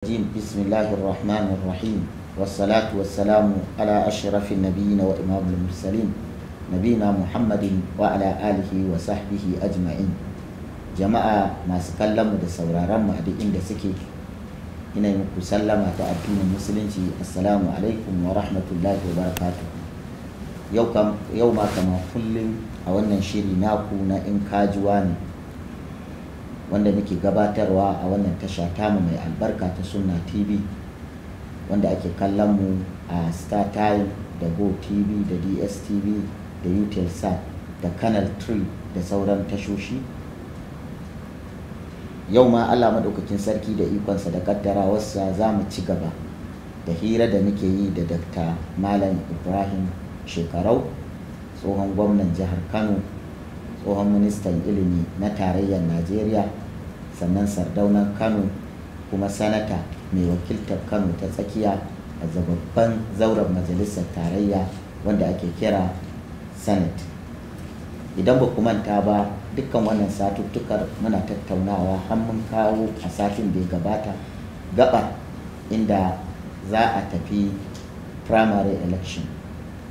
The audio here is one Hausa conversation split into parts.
الرجيم بسم الله الرحمن الرحيم والصلاة والسلام على أشرف النبيين وإمام المرسلين نبينا محمد وعلى آله وصحبه أجمعين جماعة ما سكلم دا سورارم أدئين دا سكي هنا يمكو سلم تأتون المسلمين السلام عليكم ورحمة الله وبركاته يوم كما كل أولا شيري ناكو نا إنكاجواني wanda muke gabatarwa a wannan tasha tamu mai albarka ta sunna tv wanda ake kallon mu a star time da go tv da dstv da utelsat da canal 3 da sauran tashoshi yau ma allah maɗaukakin sarki da ikonsa da kaddarawarsa za mu ci gaba da hira da muke yi da Dr. malam ibrahim shekarau tsohon gwamnan jihar kano tsohon ministan ilimi na tarayyar najeriya sannan sardaunan kano kuma sanata mai wakiltar kano ta tsakiya a zababban zauren majalisar tarayya wanda ake kira senate idan ba ku manta ba dukkan wannan satuttukar muna tattaunawa har mun kawo a satin da ya gabata gaba inda za a tafi primary election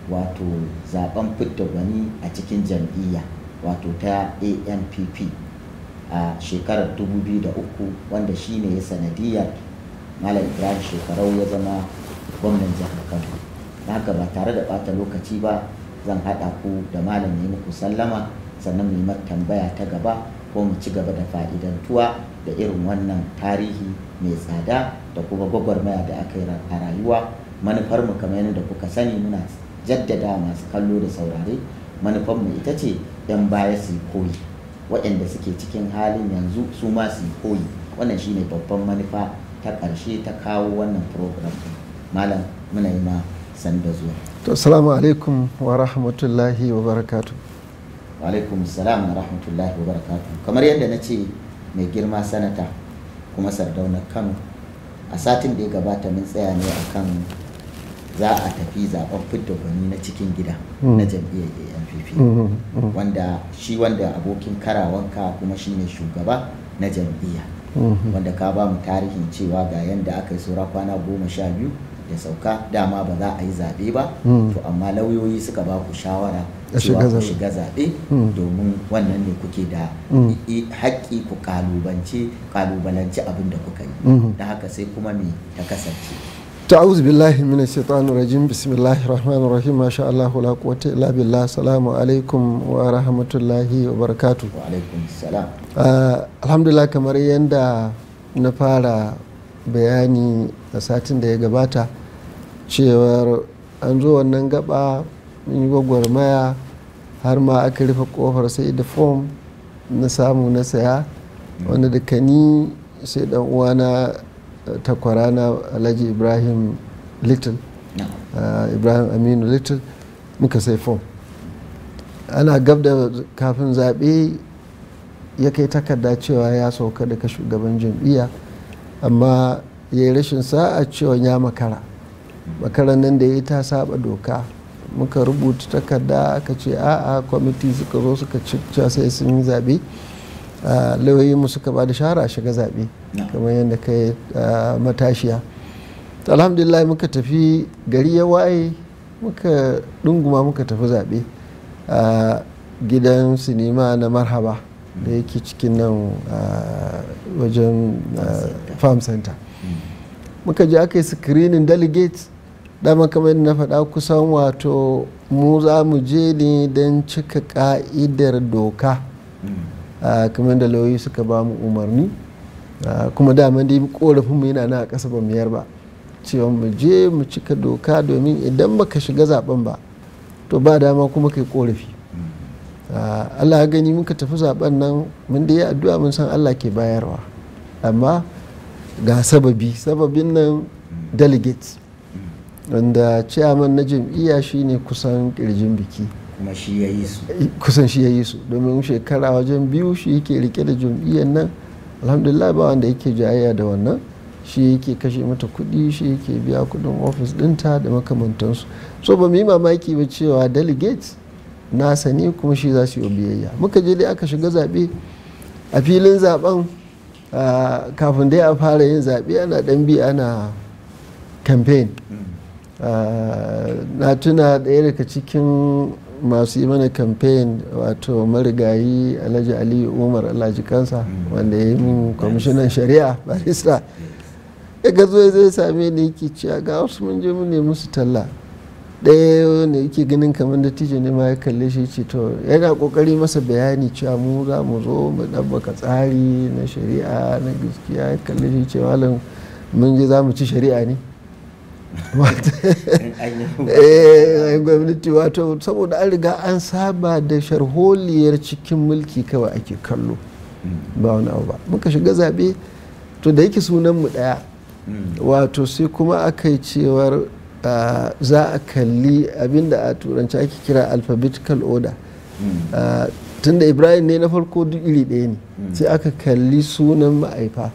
wato zaben fidda gwani a cikin jam'iyya wato ta anpp a shekarar 2003 wanda shi ne ya sanadiyar malam ibrahim shekarau ya zama gwamnan jihar kano na haka ba tare da bata lokaci ba zan hada ku da malam ya muku sallama sannan mu yi tambaya ta gaba ko mu ci gaba da fa'idan tuwa da irin wannan tarihi mai tsada da kuma gwagwarmaya da aka yi a rayuwa manufar mu kamar yadda kuka sani muna jaddada masu kallo da saurare manufar mu ita ce 'yan baya su koyi waɗanda suke cikin halin yanzu su ma su yi koyi wannan shi ne babban manufa ta ƙarshe ta kawo wannan program malam muna yi ma sanda zuwa to salamu alaikum wa rahmatullahi wa barakatu wa alaikum salam wa rahmatullahi wa barakatu kamar yadda na ce mai girma sanata kuma sardaunar kano a satin da ya gabata mun tsaya ne akan za a tafi zaben fito gani na cikin gida mm. na jam'iyyar ampp mm, mm, wanda shi wanda abokin karawanka kuma shi ne shugaba na jam'iyya wanda ka ba mu tarihin cewa ga yadda aka yi saura kwana goma sha biyu da sauka dama ba za a yi zaɓe ba to amma lauyoyi suka ba ku shawara cewa ku shiga zaɓe domin wannan ne kuke da haƙƙi ku kalubalance abin da kuka yi da haka sai kuma me ta kasance ta'awuz billahi mina shaitanu rajim bismillahi rahmanu rahim masha Allah la quwwata illa billah salamu alaikum wa rahmatullahi wa barakatu wa alaikum salam ah, alhamdulillah kamar yadda na fara bayani a satin da ya gabata cewar an zo wannan gaba yi gwagwarmaya har ma aka rufe kofar sai da fom na samu na saya mm. wanda da kani sai dan uwana takwarana alhaji ibrahim little ah, ibrahim aminu little muka sai fom ana gab da kafin zaɓe ya kai takarda cewa ya sauka daga shugaban jam'iyya amma ya yi rashin sa'a cewa ya makara makaran nan da ya yi ta saba doka muka rubuta takarda aka ce a'a kwamiti suka zo suka cewa sai sun yi zaɓe Eh, lauyoyinmu suka ba da shahara a shiga zaɓe kamar yadda ka yi eh, matashiya alhamdulillah muka tafi gari ya waye muka ɗunguma muka tafi zaɓe a eh, gidan sinima na marhaba da yake cikin nan wajen farm center muka je aka yi screening delegates dama kamar na faɗa kusan wato mu za mu je ne don cika ƙa'idar doka mm. Ah, kamar da lauyi suka ba mu umarni ah, kuma dama dai korafinmu yana na kasa ba mu yar ba cewa mu je mu cika doka domin idan baka shiga zaben ba to ba dama kuma kai korafi ah, Allah gani muka tafi zaben nan mun da addu'a mun san Allah ke bayarwa amma ga sababi sababin nan delegate wanda ciyaman na jam'iyya shine kusan kirjin biki kuma shi ya yi su kusan shi ya yi su domin shekara wajen biyu shi yake rike da jam'iyyar nan alhamdulillah ba wanda yake jayayya da wannan shi yake kashe mata kuɗi shi yake biya kuɗin ofis dinta da makamantansu so ba mu yi mamaki ba cewa delegates na sani kuma shi za su yi biyayya muka je dai aka shiga zaɓe a filin zaɓen kafin dai a fara yin zaɓe ana ɗan bi ana campaign mm. na tuna ɗaya daga cikin masu yi mana kamfen wato marigayi alhaji aliyu umar alhaji kansa mm. wanda ya yi min kwamishinan shari'a barista ya gazo zai same ni yake cewa ga wasu mun je mun ne musu talla ɗaya ne yake ganin kamar da tijo ne ma ya kalle shi ce to yana kokari masa bayani cewa mu za mu zo mu ɗabbaka tsari na shari'a na gaskiya ya kalle shi ce malam mun je za mu ci shari'a ne Eh, gwamnati wato saboda an riga an saba da sharholiyar cikin mulki kawai ake kallo mm. ba wani abu ba muka shiga zaɓe to da yake mu ɗaya mm. wato sai kuma aka yi cewar za a kalli abinda a turanci ake kira alphabetical order mm. tunda ibrahim ne na farko duk iri ɗaya ne sai aka kalli sunan ma'aifa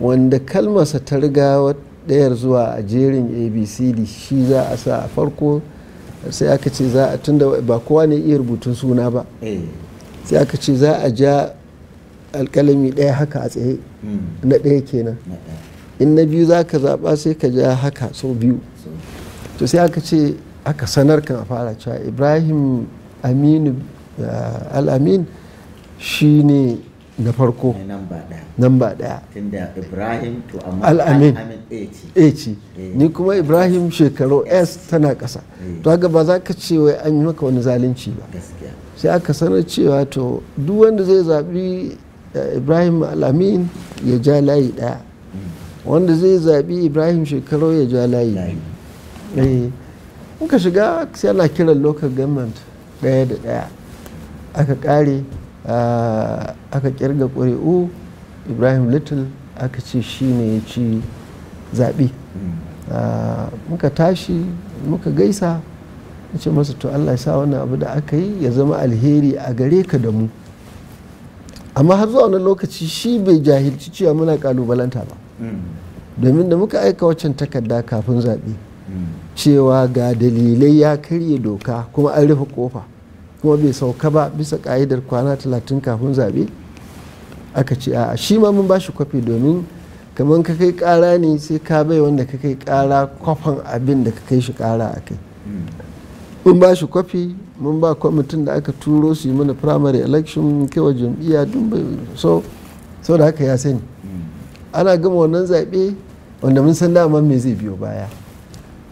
wanda kalmarsa ta riga ɗayar zuwa a jerin abcd shi za a sa a farko sai aka ce za a tunda ba kowa ne iya rubutun suna ba eh. sai aka ce za a ja alkalami ɗaya haka a tsaye hmm. na ɗaya kenan in na biyu za ka zaɓa sai ka ja haka sau biyu to sai aka ce aka sanar kan a fara cewa ibrahim aminu eh, al'amin shi ne na farko namba daya tunda ibrahim to al'amin a ce eh. ni kuma ibrahim shekaru s tana kasa eh. to haka ba za ka ce wai an yi maka wani zalunci ba sai aka sanar cewa to duk wanda zai zabi eh, ibrahim al'amin ya ja layi daya mm. wanda zai zabi ibrahim shekaru ya ja layi biyu ka shiga sai ana kiran local government daya da daya aka kare. Eh, aka kirga ƙuri'u ibrahim little aka ce shi ne ya ci zaɓe eh, muka tashi muka gaisa ya ce masa to allah ya sa wannan abu da aka yi ya zama alheri a gare ka da mu amma har zuwa wani lokaci shi bai jahilci cewa muna kalubalanta ba domin da muka aika waccan takarda kafin zaɓe mm. cewa ga dalilai ya karye doka kuma an rufe kofa kuma bai sauka ba bisa ka'idar kwana talatin kafin zaɓe aka ce a shi ma mun ba shi kwafi domin kamar ka kai kara ne sai ka bai wanda ka kai kara kwafan abin da ka kai shi kara a kai mun ba shi kwafi mun ba kwamitin da aka turo su yi mana primary election kewa jam'iyya dun bai so so da haka ya sani ana gama wannan zaɓe wanda mun san dama mai zai biyo baya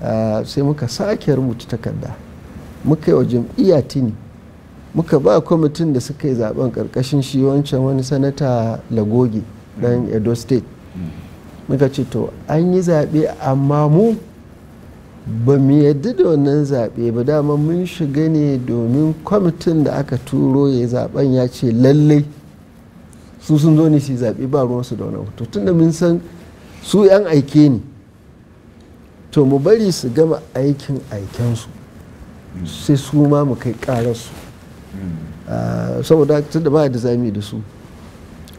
ah, sai muka sake rubuta takarda muka yi wa jam'iyya tini muka ba kwamitin da suka yi zaben karkashin shi wancan wani sanata lagogi dan edo state muka ce to an yi zaɓe amma mu ba mu yadda da wannan zaɓe ba dama mun shiga ne domin kwamitin da aka turo ya yi zaben ya ce lallai su sun zo ne su zaɓe ba ruwansu da wani hoto tunda mun san su 'yan aike ne to mu bari su gama aikin aikensu sai su ma mu kai ƙararsu Eh, saboda da ba da zami da su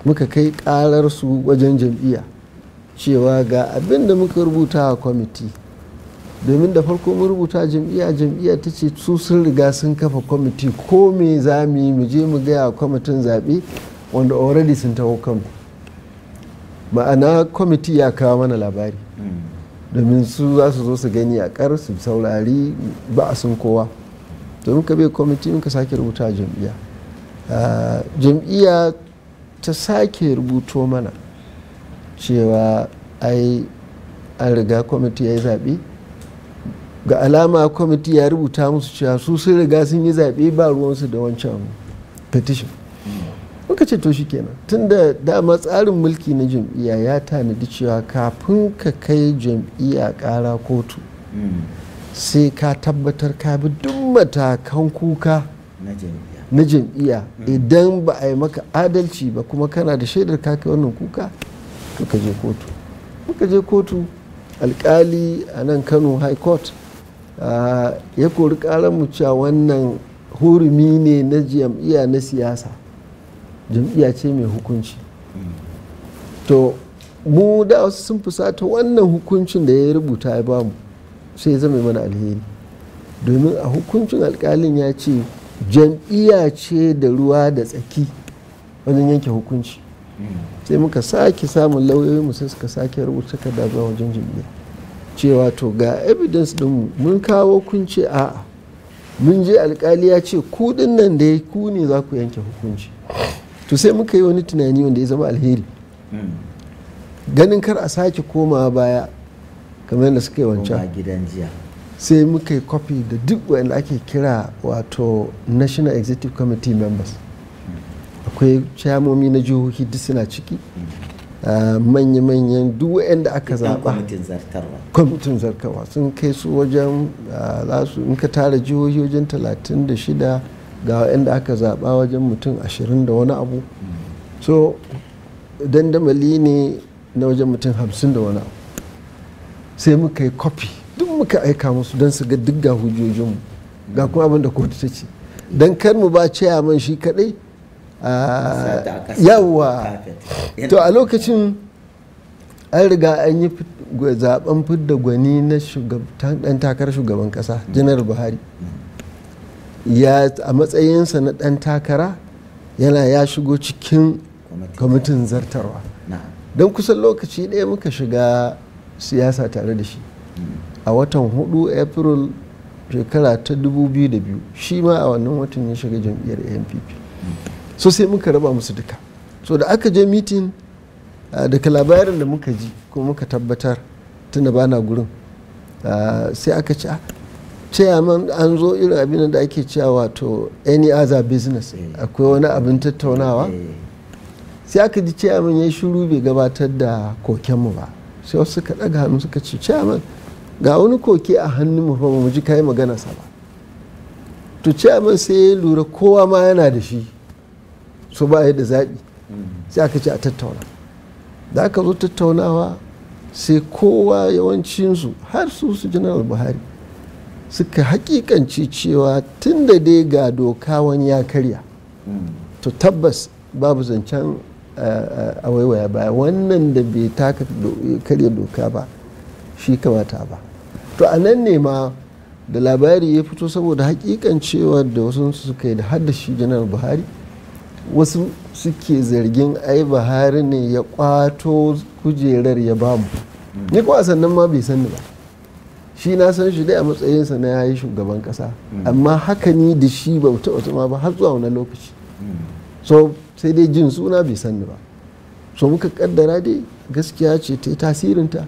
muka kai karar su wajen jam'iyya cewa ga abin da muka rubuta a kwamiti domin da farko mu rubuta jam'iyya jam'iyya ta ce su sun riga sun kafa kwamiti ko me za mu mu je mu gaya kwamitin zaɓe wanda already sun taho kanmu ma'ana kwamiti ya kawo mana labari mm. domin su za su zo su gani a kar su saurari ba a sun kowa domin ka bai kwamiti ka sake rubuta jam'iyya ah, jam'iyya ta sake rubuto mana cewa ai an riga kwamiti ya yi zaɓe ga alama kwamiti ya rubuta musu cewa su sun riga sun yi zaɓe ba ruwansu da wancan petition hmm. muka ce to shi kenan tunda dama tsarin mulki na jam'iyya ya tanadi cewa kafin ka kai jam'iyya ƙara kotu hmm. sai ka tabbatar ka bi duk matakan kuka na jam'iya idan ba a yi maka adalci ba kuma kana da shaidar ka kai wannan kuka to ka je kotu ka je kotu alkali a nan kano high court ya kori mu cewa wannan hurumi ne na jam'iyya na siyasa jam'iyya ce mai hukunci mm. to mu da wasu sun fusata wannan hukuncin da ya rubuta ya bamu sai ya zama mana alheri domin a hukuncin alkalin ya ce jam'iyya ce da ruwa da tsaki wajen yanke hukunci sai muka sake samun lauyoyi sai suka sake rubuta ka zuwa wajen jam'iyya cewa to ga evidence dinmu mun kawo kun ce a'a mun je alkali ya ce kudin nan da ya ku ne za ku yanke hukunci to sai muka yi wani tunani wanda ya zama alheri hmm. ganin kar a sake komawa baya kamar yadda suke wancan gidan jiya sai muka yi kwafi da duk wanda ake kira wato national executive committee members hmm. akwai ciyamomi na jihohi duk suna ciki hmm. ah, manya-manyan duk wanda aka zaɓa kwamitin zartarwa sun kai su wajen ah, za su in ka tara jihohi wajen 36 ga wanda aka zaɓa wajen mutum 20 da wani abu hmm. so dandamali ne na wajen mutum 50 da wani abu sai muka yi kwafi duk muka aika musu don su ga duk ga hujjojinmu ga kuma abin da kotu ta ce don kar mu ba man shi kadai ah, yawwa to a lokacin an riga an yi zaben fidda gwani na dan takarar shugaban kasa mm. janar buhari mm. ya a matsayinsa na dan takara yana ya shigo cikin kwamitin zartarwa don kusan lokaci ɗaya muka shiga siyasa tare da shi a watan 4 april shekara ta 2002 shi ma a wannan watan ya shiga jam'iyyar ampp so sai muka raba musu duka so da aka je mitin daga labarin da muka ji ko muka tabbatar tunda ba gurin sai aka ci ah, chairman an zo irin abin da ake cewa wato any other business eh. akwai wani abin tattaunawa eh. sai aka ji chairman ya shuru bai gabatar da koken mu ba sai wasu ka ɗaga hannu suka ce man ga wani koke a hannun mu fa mu ji kai magana sa ba to man sai ya lura kowa ma yana da shi so ba da zaɓi sai aka ce a tattauna da aka zo tattaunawa sai kowa yawancinsu har su su general buhari suka hakikanci cewa tun da dai ga doka wani ya karya to tabbas babu zancen a waiwaya baya wannan da bai taka karya doka ba shi kamata ba to a nan ne ma da labari ya fito saboda hakikan cewa da wasu suka yi da har shi janar buhari wasu suke zargin ai buhari ne ya kwato kujerar ya bamu ni kuwa sannan ma bai sani ba shi na san shi dai a matsayinsa na yayi shugaban kasa mm. amma haka ni da shi ba taɓa zama ba har zuwa wani lokaci mm. so sai dai jin suna bai sani ba so muka kaddara dai gaskiya ce ta yi tasirinta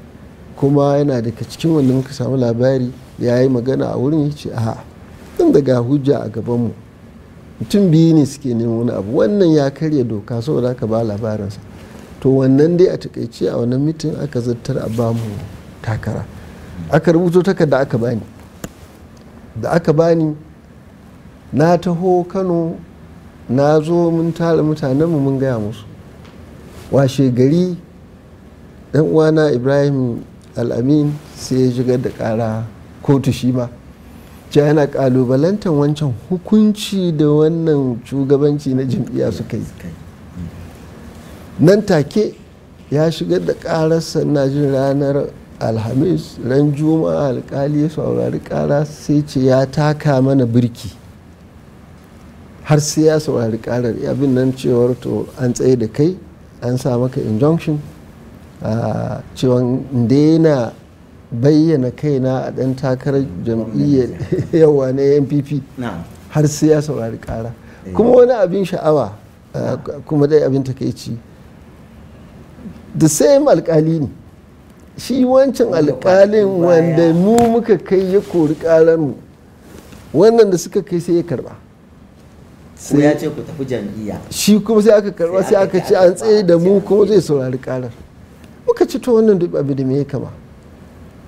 kuma yana daga cikin wanda muka samu labari ya yi magana a wurin ya ce a'a ɗin daga hujja a gabanmu mutum biyu ne suke neman wani abu wannan ya karya doka saboda aka ba labarinsa to wannan dai a takaice a wannan mitin aka zartar a bamu takara aka rubuto takarda da aka bani na taho kano na zo mun tara mutanen mu mun gaya musu washe gari dan uwana ibrahim al'amin sai ya shigar da kara kotu shi ma ce yana kalubalantar wancan hukunci da wannan shugabanci na jam'iyya suka yi nan take ya shigar da kararsa na jin ranar alhamis ran juma'a alkali ya saurari kara sai ce ya taka mana birki har siyasa wa saurari karar abin nan cewar to an tsaye da kai an sa maka injunction cewa daina bayyana kaina a ɗan takarar jam'iyyar yawa na npp har siyasa wa saurari eh. kuma wani abin sha'awa kuma dai abin takaici the same alƙali ne shi wancan alƙalin wanda mu muka kai ya kori ƙararmu mu wannan da suka kai sai ya karba sai ya ce ku tafi jam'iyya shi kuma sai aka karba sai aka ce an tsaye da mu kuma zai saurari karar muka ci to wannan duk abu da me ya kama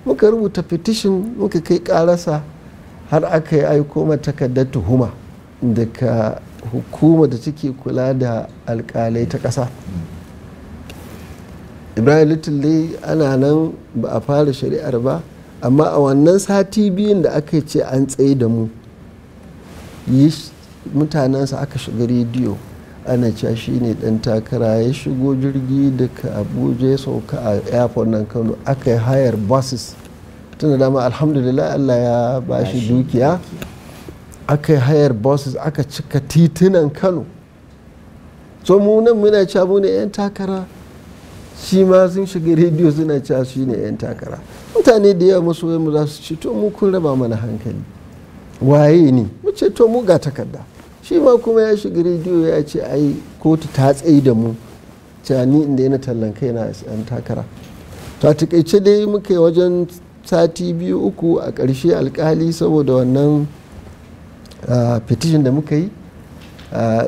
muka rubuta petition muka kai karasa har aka yi aiko mata takardar tuhuma daga hukuma da take kula da alkalai ta ƙasa ibrahim little dai ana nan ba a fara shari'ar ba amma a wannan sati biyun da aka ce an tsaye da mu mutanensa aka shiga rediyo ana cewa shi ne dan takara ya shigo jirgi daga abuja ya sauka a airport nan kano aka yi hayar buses tunda dama alhamdulillah allah ya ba shi dukiya aka yi hayar buses aka cika titunan kano so mu nan muna cewa mu ne 'yan takara shi ma sun shiga rediyo suna cewa shi ne 'yan takara mutane da yawa masu mu za su ci to mu kun raba mana hankali waye ne mu ce to mu ga takarda shi ma kuma ya shiga rediyo ya ce ai kotu ta tsaye da mu cani ni inda yana tallan kai na yan takara to a takaice dai muka yi wajen sati biyu uku a ƙarshe alkali saboda wannan petition da muka yi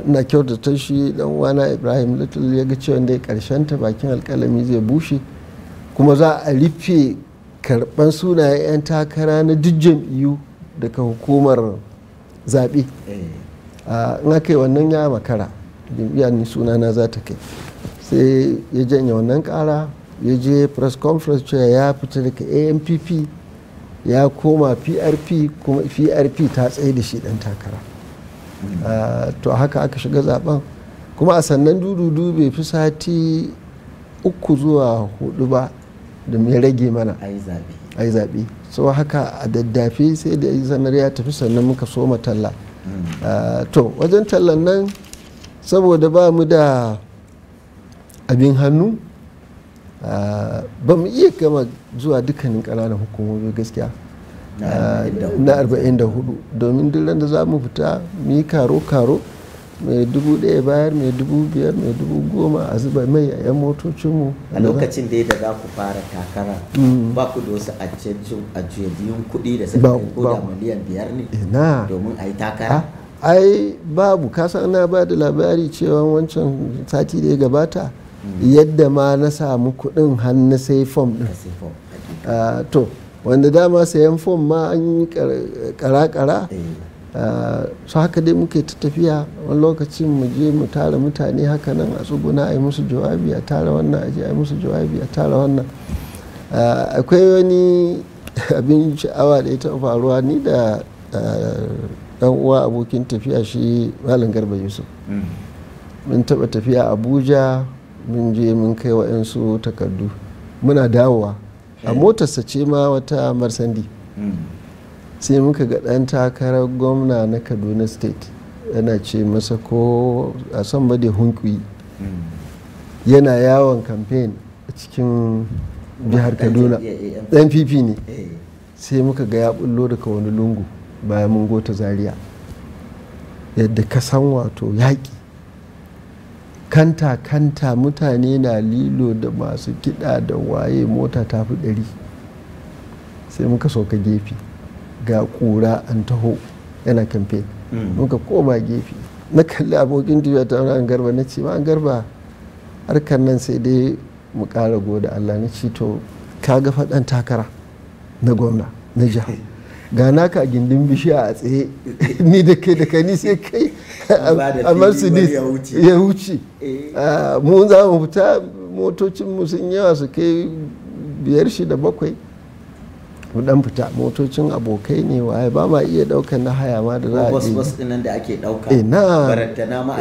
na kyautata shi dan wana ibrahim little ya ga cewa dai karshen ta bakin alkalami zai bushe kuma za a rufe karban sunayen 'yan takara na duk jam'iyyu daga hukumar zaɓe eh. a ah, aka yi wannan ya makara jam'iyya ni sunana za ta kai sai ya janye wannan ƙara ya je press conference cewa ya fita daga ampp ya koma prp kuma prp ta tsaye da shi ɗan takara hmm. ah, to haka aka shiga zaben kuma a sannan dududu bai fi sati uku zuwa hudu ba da mai rage mana a yi zaɓe so haka a daddafi sai da zanar ya tafi sannan muka soma talla mm. ah, to wajen tallan nan saboda ba mu da abin hannu ah, ba mu iya gama zuwa dukkanin ƙananan hukumomi gaskiya na 44 ah, domin duk da za mu fita mu yi karo-karo mai dubu ɗaya bayar mai dubu biyar mai dubu goma a zuba mai a yan motocinmu a lokacin da da za ku fara takara mm. ba ku da wasu ajiyajiyun kuɗi da suka kai ko miliyan biyar ne domin a yi takara ai babu kasa na ba da labari cewa wancan sati da ya gabata mm. yadda ma na samu kuɗin hannu sai fom ɗin to wanda dama sayan fom ma an yi kara-kara Eh, su haka dai muke ta tafiya wani lokacin mu je mu tara mutane haka nan a tsuguna a yi musu jawabi a tara wannan a je a yi musu jawabi a tara wannan eh, akwai wani abin sha'awa da ya taɓa faruwa ni da eh, ɗan uwa abokin tafiya shi malam garba yusuf mm. mun taɓa tafiya abuja mun je mun kai wa'yansu takardu muna dawowa a motarsa ce ma wata marsandi sai muka ga ɗan takarar gwamna na kaduna state yana ce masa ko a son bade hunkuyi yana yawon kamfen a cikin jihar kaduna ɗan fifi ne sai muka ga ya bullo daga wani lungu bayan mun gota zaria yadda ka san wato yaƙi kanta kanta mutane na lilo da masu kiɗa da waye mota ta fi ɗari sai muka soka gefe ga kura an taho yana kamfe mm. muka koma gefe na kalli abokin dubiya ta wani an garba na ce ma an garba harkar nan sai dai mu kara goda Allah na ce to ka ga faɗan takara na gwamna na jiha ga na ka gindin bishiya a tsaye ni da kai da kani sai kai a mercedes ya wuce eh. ah, mu za mu fita motocin mu sun yawa su kai biyar shi da bakwai dan fita motocin abokai ne waye ba ma iya daukan na haya ma da za a bus bus da ake dauka ina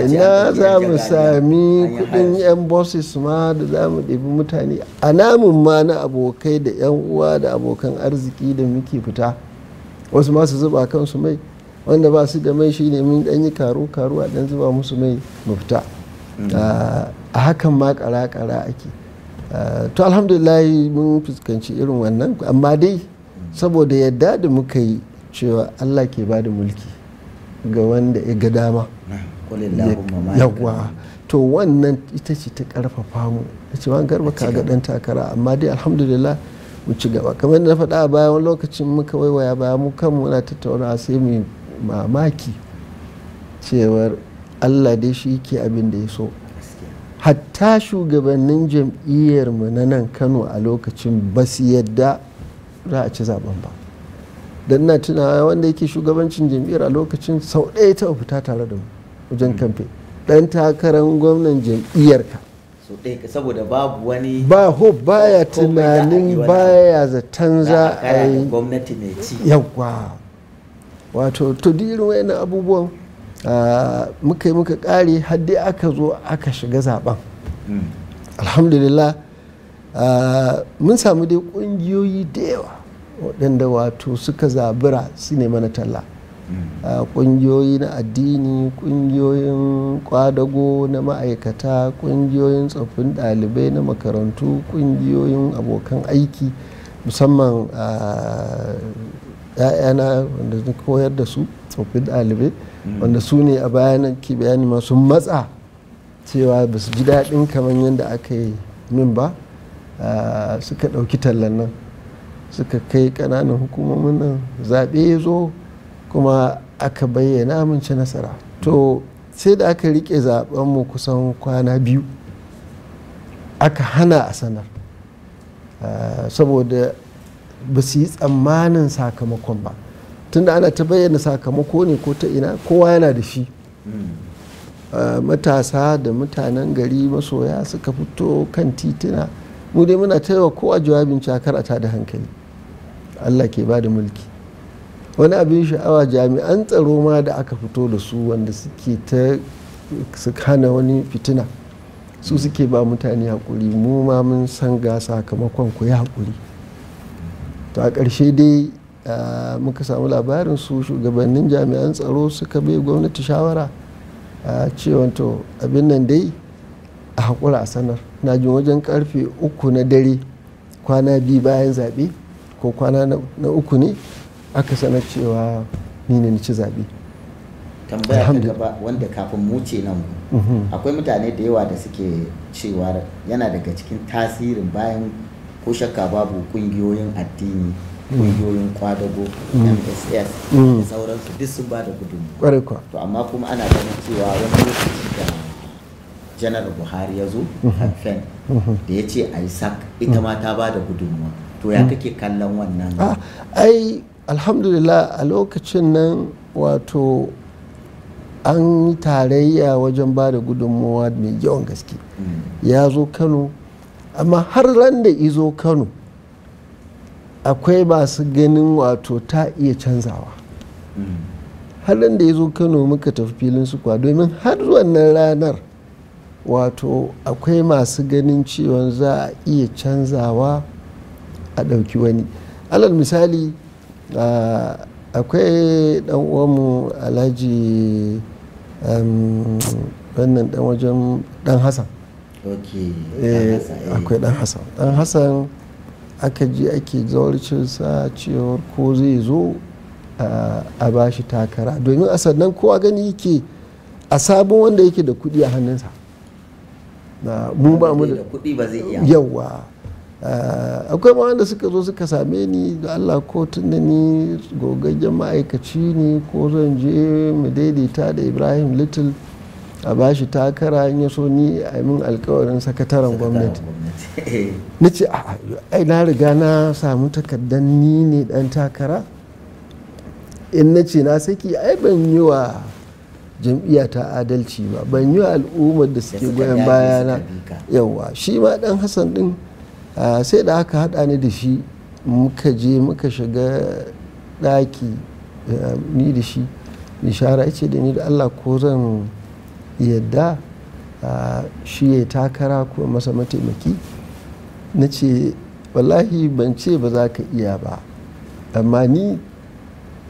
ina za mu sami kudin yan bosses ma da za mu ɗebi mutane a namun ma na abokai da yan uwa da abokan arziki da muke fita wasu masu zuba kansu mai wanda ba su da mai shine mun dan yi karo karo a dan zuba musu mai mu fita mm. ah, a hakan ma kara kara ake ah, to alhamdulillah mun fuskanci irin wannan amma dai saboda yadda da muka yi cewa allah ke ba da mulki ga wanda ya ga dama yawwa to wannan ita ce ta karfafa mu da cewa garba ka ga dan takara amma dai alhamdulillah mu ci gaba kamar na faɗa a baya wani lokacin muka waiwaya baya mu kan muna tattaunawa sai mu mamaki cewar allah dai shi ke abin da ya so hatta shugabannin jam'iyyar mu na nan kano a lokacin ba su yadda za a ci zaben ba don na tuna wanda yake shugabancin jam'iyyar a lokacin sau ɗaya ta fita tare da mu wajen hmm. kamfe ɗan takarar gwamnan jam'iyyar ka saboda babu wani ba hope baya tunanin baya zaton za a yi gwamnati yawwa wato to dirin wayannan abubuwan muka yi muka kare har dai aka zo aka shiga zaben hmm. alhamdulillah mun samu dai kungiyoyi da yawa waɗanda wato suka zabura su ne mana talla kungiyoyi mm. na addini kungiyoyin kwadago na ma'aikata kungiyoyin tsoffin ɗalibai na makarantu kungiyoyin abokan aiki musamman ‘ya'yana wanda na koyar da su tsoffin ɗalibai mm. wanda su ne a bayan ke bayani masu matsa cewa ba su ji daɗin kamar yadda aka yi min ba Ah, suka ɗauki tallan nan suka kai ƙananan hukumomin nan zaɓe ya zo kuma aka bayyana mun nasara to sai da aka rike mu kusan kwana biyu aka hana a sanar ah, saboda ba su yi tsammanin sakamakon ba tunda ana ta bayyana sakamako ne ko ta ina kowa yana da shi hmm. ah, matasa da mutanen gari masoya suka fito kan tituna mu dai muna taiwa kowa jawabin cakar a da hankali allah ke ba da mulki wani abin sha'awa jami'an tsaro ma da aka fito da su wanda suke ta su hana wani fitina su suke ba mutane hakuri mu ma mun san ga sakamakon ku yi haƙuri to a ƙarshe dai muka samu labarin su shugabannin jami'an tsaro suka bai gwamnati shawara a cewanto abin nan dai a hakura a sanar na jin wajen karfe uku na dare kwana biyu bayan zaɓe ko kwana na uku ne aka sanar cewa ni ne ci zaɓe tambaya ta gaba wanda kafin muce nan mhm. akwai mutane da yawa da suke cewa yana daga cikin tasirin bayan ko shakka babu kungiyoyin addini kungiyoyin mm. kwadago mss mm. da mm. sauransu duk sun ba da gudunmu to amma kuma ana ganin cewa wani lokaci da janar buhari ya zo hafen mhm. mhm. da ya ce isaac ita mhm. ma ta ba da gudunmuwa to ya kake kallon wannan ah, ai alhamdulillah a lokacin nan wato an yi tarayya wajen ba da gudunmuwa mai yawan gaske mm. ya zo kano amma har ran da izo kano akwai masu ganin wato ta iya canzawa mm. har ran da ya kano muka tafi filin su kwa domin har wannan ranar wato akwai masu ganin cewa za a iya canzawa a ɗauki wani alal misali akwai ɗan uwanmu alhaji wannan ɗan wajen ɗan hassan eh, eh. akwai ɗan hassan ɗan hassan aka ji ake zawarcinsa cewar ko zai zo a bashi takara domin a sannan kowa gani yake a sabon wanda yake da kuɗi a hannunsa mu ba mu da yawa eh, akwai ma wanda suka zo suka same ni da Allah ko tunda ni gogaggen ma'aikaci ne ko zan je mu daidaita da Ibrahim Little a bashi takara in yaso ni a min alkawarin sakataren gwamnati na ce ah, ai na riga na samu takardar ni ne dan takara in na ce na saki ai ban yi wa jam'iyya ta adalci ba ban yi al'ummar da suke goyon bayana yawa shi ma dan hassan din sai da aka hada ni da shi muka je muka shiga daki ni da shi nishara ce da ni da allah ko zan yadda shi ya takara ko masa mataimaki na ce wallahi ban ce ba za ka iya ba amma ni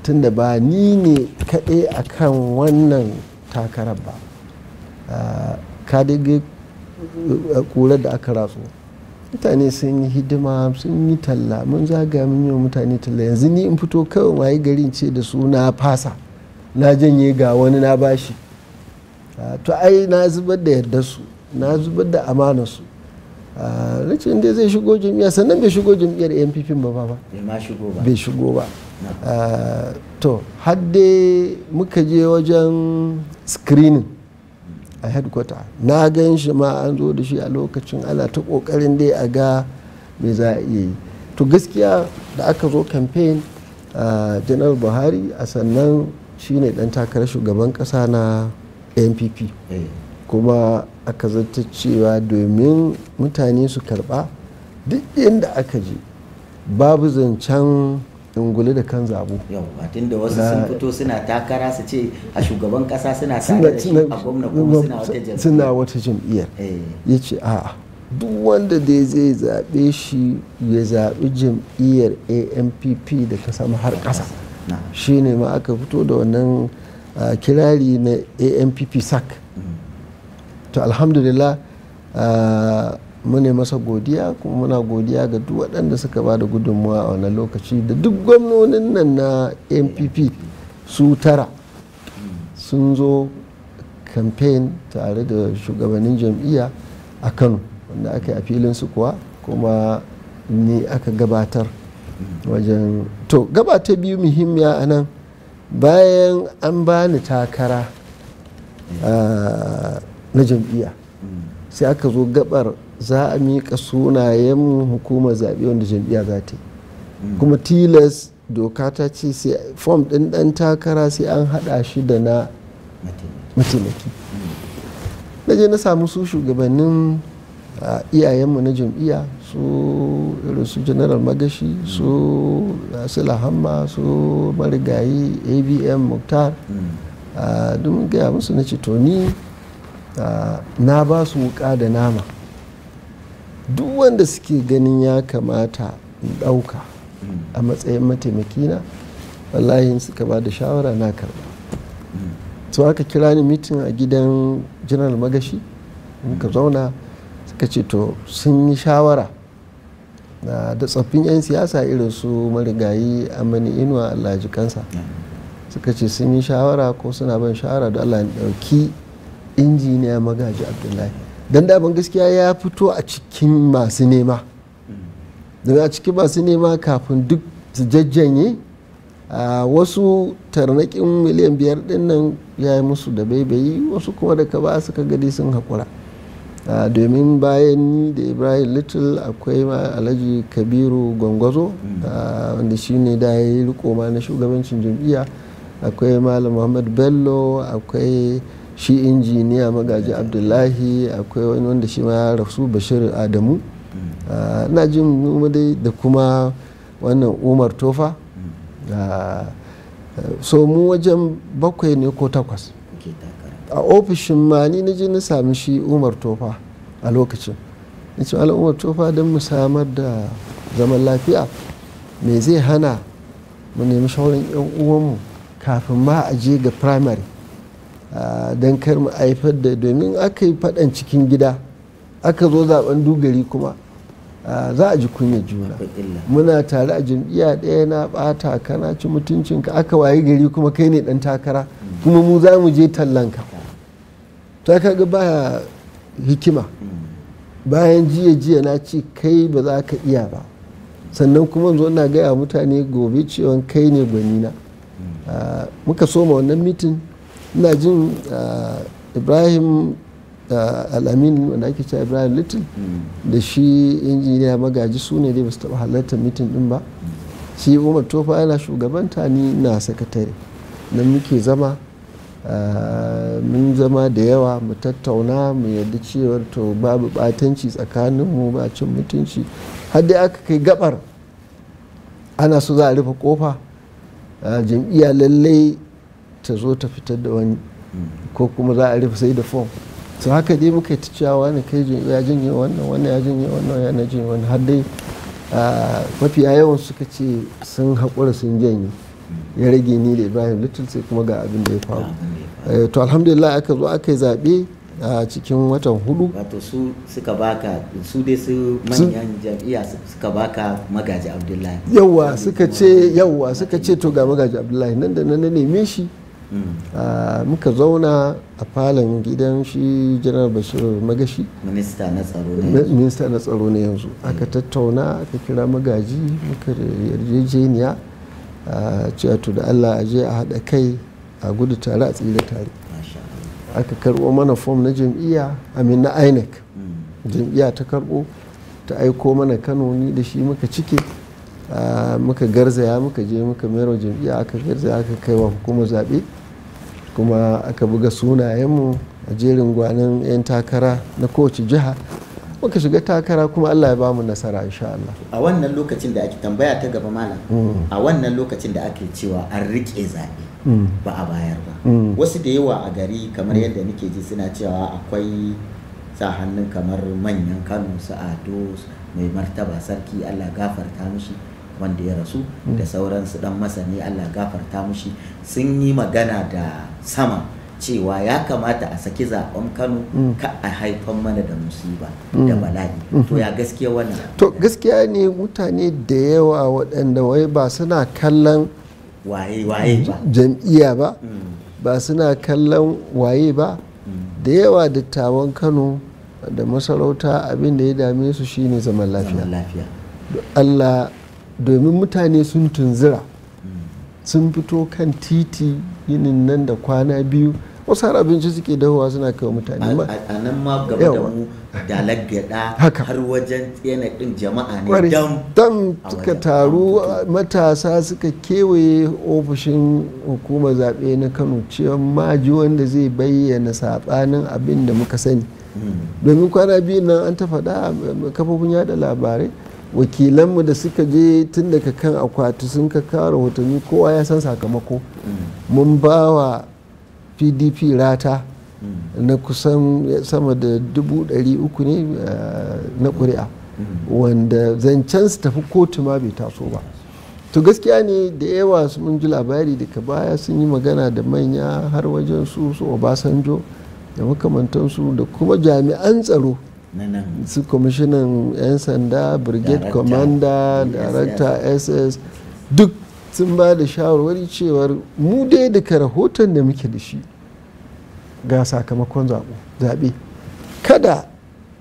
tunda ba ni ne kaɗai a kan wannan takarar ba ah, ka a eh, ƙurar da aka ratsu mutane sun yi hidima sun yi talla mun zaga mun yi mutane talla yanzu ni in fito kawai yi garin ce da su na fasa na janye ga wani na bashi ah, to ai na zubar da yarda su na zubar da amana su ah, na zai shigo jam'iyyar sannan bai shigo jam'iyyar npp ba ba bai shigo ba Eh, to hadde muka je wajen screening a headquarter na gan shi ma an zo da shi a lokacin ana ta kokarin dai a ga me za a iya yi to gaskiya da aka zo campaign eh, general buhari a sannan shi ne dan takarar shugaban kasa na npp eh. kuma aka zata cewa domin mutane su karba duk inda aka je babu zancen ungulu da kan zabo yawa tunda wasu sun fito suna takara su ce a shugaban kasa suna tare da shi a gwamna kuma suna wata jam'iyyar ya ce a'a duk wanda dai zai zaɓe shi ya zaɓi jam'iyyar ampp da ta samu har ƙasa shi ne ma aka fito da wannan kirari na ampp sac mm-hmm. to alhamdulillah mune masa godiya kuma muna godiya ga duk waɗanda suka ba da gudunmawa a wannan lokaci da duk gwamnonin nan na npp su tara sun zo kamfen tare da shugabannin jam'iyya a kano wanda aka yi a filin su kuwa kuma ni aka gabatar wajen to gabata biyu muhimmiya a nan bayan an bani takara ah, na jam'iyya sai aka zo gabar za a mika sunayen hukumar zaɓe wanda jam'iyya za ta yi kuma tilas doka ta ce sai fom ɗin ɗan takara sai an haɗa shi da na mataimaki na je na samu su shugabannin iyayenmu na jam'iyya su irin su general magashi su sila hamma su marigayi abm muktar domin gaya musu na ce toni ni na ba su wuka da nama duk wanda suke ganin ya kamata in ɗauka a matsayin mataimakina wallahi suka ba da shawara na karba to aka kira ni mitin a gidan general magashi muka zauna suka ce to sun yi shawara da tsoffin 'yan siyasa irin su marigayi amani inuwa alhaji kansa suka ce sun yi shawara ko suna ban shawara da allah ɗauki injiniya magaji abdullahi don daban gaskiya ya fito a cikin masu nema domin a cikin masu nema kafin duk su jajjanye wasu tarnakin miliyan biyar din nan ya yi musu da baibayi wasu kuma da ka ba ka gadi sun haƙura domin bayan da ibrahim little akwai alhaji kabiru gwangwazo mm. wanda shi ne da ya yi riko ma na shugabancin jam'iyya akwai malam muhammad bello akwai shi injiniya magaji abdullahi akwai wani wanda shi ma ya rasu bashir adamu mm. ah, na jin dai da kuma wannan umar tofa mm. ah, so mu wajen bakwai ne ko takwas a ofishin ma ni na je na sami shi umar tofa a lokacin in ala umar tofa don mu samar da zaman lafiya me zai hana mu nemi shawarar 'yan uwanmu kafin ma a je ga primary don kar mu haifar da domin aka yi faɗan cikin gida aka zo zaben dugari kuma za a ji kunya juna muna tare a jam'iyya ɗaya na ɓata kana ci mutuncinka aka waye gari kuma kai ne ɗan takara kuma mu za mu je tallanka ta kaga ba hikima bayan jiya jiya na ci kai ba za ka iya ba sannan kuma zo na gaya mutane gobe cewa kai ne gwanina muka soma wannan mitin ina jin ah, ibrahim ah, al'amin wanda ake cewa ibrahim little mm. da shi injiniya magaji su ne dai ba su taɓa halarta mitin din ba shi umar tofa yana shugabanta ni na sakatare nan muke zama ah, mun zama da yawa mu tattauna mu yadda cewar to babu batanci tsakaninmu ba cin mutunci har dai aka kai gabar ana so za a rufe kofa jam'iyya lallai ta zo ta fitar da wani ko kuma za a rufe sai da fom to haka dai muka ta cewa wani kai ya janye wannan wani ya janye wannan ya na janye wani har dai mafi yawan suka ce sun haƙura sun janye ya rage ni da ibrahim little sai kuma ga abin da ya faru eh, to alhamdulillah aka zo aka yi zaɓe a cikin watan hudu wato su suka baka su dai su manyan jam'iyya suka baka magaji abdullahi yawwa suka ce yawa suka ce to ga magaji abdullahi nan da nan na neme shi Mm. Ah, muka zauna a falon gidan shi janar bashir magashi minista na tsaro na yanzu mm. aka tattauna aka kira magaji muka yarjejeniya ah, cewa to da allah a a haɗa kai a gudu tare a tsira tare aka karɓo mana fom na jam'iyya amin na inec mm. jam'iyya ta karɓo ta aiko mana kano ni da shi muka cike ah, muka garzaya muka je muka mero jam'iyya aka garzaya aka kaiwa hukumar zaɓe kuma aka buga sunayenmu a jerin gwanin 'yan takara na kowace jiha muka shiga takara kuma Allah ya bamu nasara insha Allah a wannan lokacin da ake tambaya ta gaba malam mm. a wannan lokacin da ake cewa an rike zaɓe mm. ba a bayar ba mm. wasu da yawa a gari kamar yadda nake ji suna cewa akwai sa hannun kamar manyan Kano su Ado mai martaba sarki Allah gafarta mishi wanda ya rasu mm. da sauransu dan masani Allah gafarta mushi sun yi magana da sama cewa ya kamata a saki zaɓen Kano mm. ka a haifan mana da musiba mm. da bala'i mm-hmm. to ya gaskiya wannan to gaskiya ne mutane da yawa waɗanda wai ba suna kallon waye waye ba jam'iyya ba ba suna kallon waye ba da yawa dattawan Kano da masarauta abin da ya dame su shine zaman lafiya Allah domin mutane sun tunzura sun fito kan titi yinin nan da kwana biyu wasu har abinci suke dahowa suna kai wa mutane ma a nan ma gaba da mu da gada har wajen tsena din jama'a ne dan suka taru matasa suka kewaye ofishin hukumar zaɓe na kano cewa maji wanda zai bayyana sabanin abin da muka sani hmm. domin kwana biyu nan an ta faɗa kafofin yada labarai wakilanmu da suka je tun daga kan akwati sun ka kawo rahotanni kowa ya san sakamako mm. mun ba wa pdp rata mm. na kusan sama da dubu ɗari uku ne eh, na ƙuri'a mm. wanda zancen su tafi kotu ma bai taso ba to gaskiya ne da yawa mun ji labari daga baya sun yi magana da manya har wajen su su obasanjo da makamantansu da kuma jami'an tsaro su kwamishinan 'yan sanda brigade commander director ss duk sun ba da shawarwari cewar mu dai daga rahoton da muke da shi ga sakamakon zaɓe kada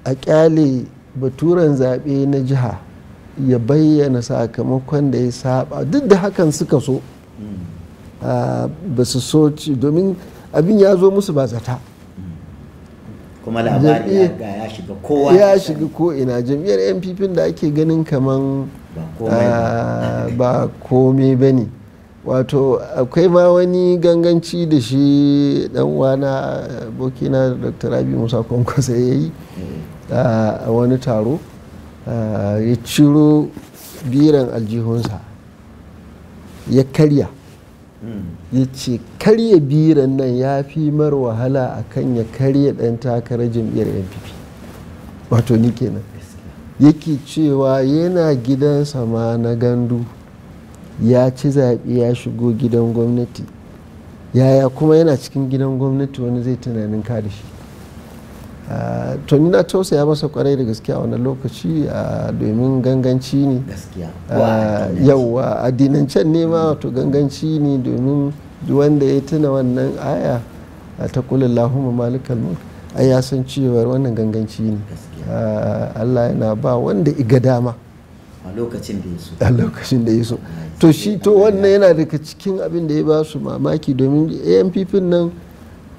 a ƙyale baturen zaɓe na jiha ya bayyana sakamakon da ya saba duk da hakan suka so mm. ba su so domin abin ya zo musu ba zata kuma labari ya shiga kowa ya shiga ko ina jam'iyyar npp da ake ganin kaman ba komai ah, ba ne wato akwai ma wani ganganci da shi dan wana abokina dr abi musa kwankwasa ya yi eh. ah, a wani taro ah, ya ciro biran aljihunsa ya karya hmm. ya ce karya biran nan ya fi mar wahala a kan ya karya ɗan takarar jam'iyyar npp wato ni kenan yake cewa yana gidansa ma na gandu ya ci zaɓe ya shigo gidan gwamnati yaya kuma yana cikin gidan gwamnati wani zai tunanin ka shi Eh, to ni na tausaya masa kwarai da gaskiya a wannan lokaci eh, domin ganganci ne eh, yauwa addinancen ne ma wato ganganci ne domin wanda ya tuna wannan aya ta lahuma malikal mulk ai ya san cewar wannan ganganci ne Allah yana ba wanda iga dama a lokacin da ya so to shi to wannan yana daga cikin abin da ya ba su mamaki domin ampp nan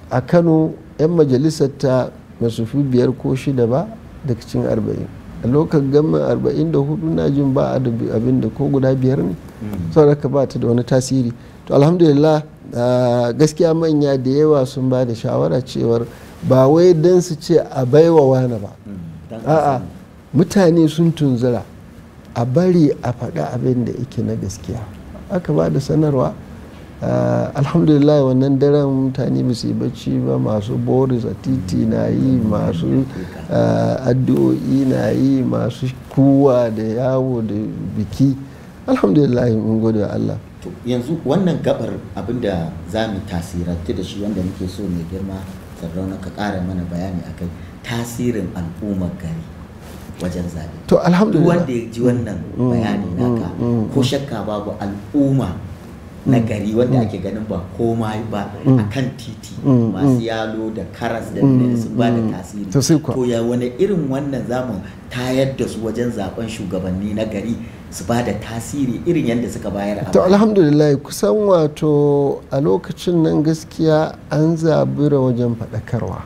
a kano 'yan majalisar ta ba biyar ko shida ba daga cikin arba'in a lokacin gama arba'in da hudu na jin ba abin da ko guda biyar ne mm. da ka ba ta da wani tasiri to alhamdulillah gaskiya manya da yawa sun ba da shawara cewar ba wai don su ce a baiwa wani ba mm, a'a mutane sun tunzura a bari a faɗa abin da ike na gaskiya aka ba da sanarwa Eh, alhamdulillah wannan daren mutane musu yi bacci ba masu boris a titi na yi masu eh, addu'o'i na yi masu kuwa da yawo da biki alhamdulillah mun gode wa Allah yanzu wannan gabar abinda za mu tasirantu da shi wanda muke so mai girma sarrauna ka ƙara mana bayani akai tasirin al'ummar gari wajen zabe to alhamdulillah wanda ya ji wannan mm, mm, bayani naka mm, ko shakka babu al'umma na gari wanda ake ganin ba komai ba mm. a kan titi mm, mm. masu yalo da karas da sun ba da tasiri to ya wani irin wannan zamun tayar da su wajen zaben shugabanni na gari su ba da tasiri irin yadda suka bayar a to alhamdulillah kusan wato a lokacin nan gaskiya an zabura wajen faɗakarwa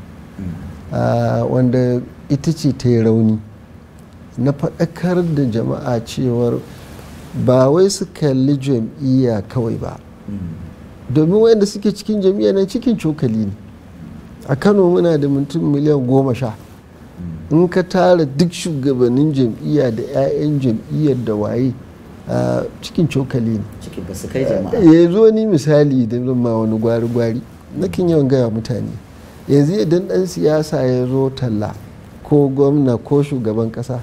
ah, wanda ita ce ta yi rauni na faɗakar da jama'a cewar ba wai su kalli jam'iyya kawai ba domin wayanda suke cikin jam'iyya na cikin cokali ne a kano muna da mutum miliyan goma sha in ka tara duk shugabannin jam'iyya da 'ya'yan jam'iyyar da waye cikin cokali ne ya zo ni misali da ma wani gwari-gwari na kin yawan gaya mutane yanzu idan dan siyasa ya zo talla ko gwamna ko shugaban kasa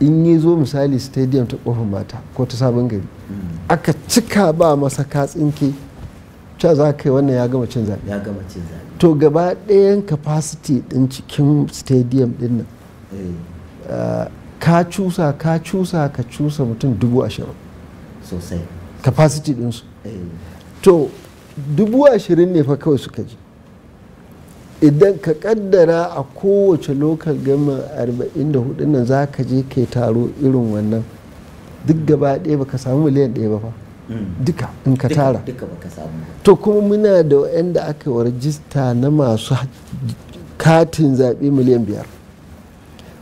in yi zo misali stadium ta kofin mata ko ta sabon gari mm. aka cika ba masa katsinke cewa za ka yi wannan ya gama cin zaɓe ya gama cin to gaba ɗayan capacity ɗin cikin stadium ɗin nan eh. Eh, ka cusa ka cusa ka cusa mutum dubu ashirin sosai capacity ɗinsu eh. to dubu ashirin ne fa kawai suka ji idan ka kaddara a kowace lokal gama 44 nan za ka je kai taro irin wannan duk gaba ɗaya ka samu miliyan ɗaya ba fa mm. duka in ka tara to kuma muna da wa'anda aka yi rajista na masu katin zaɓe miliyan biyar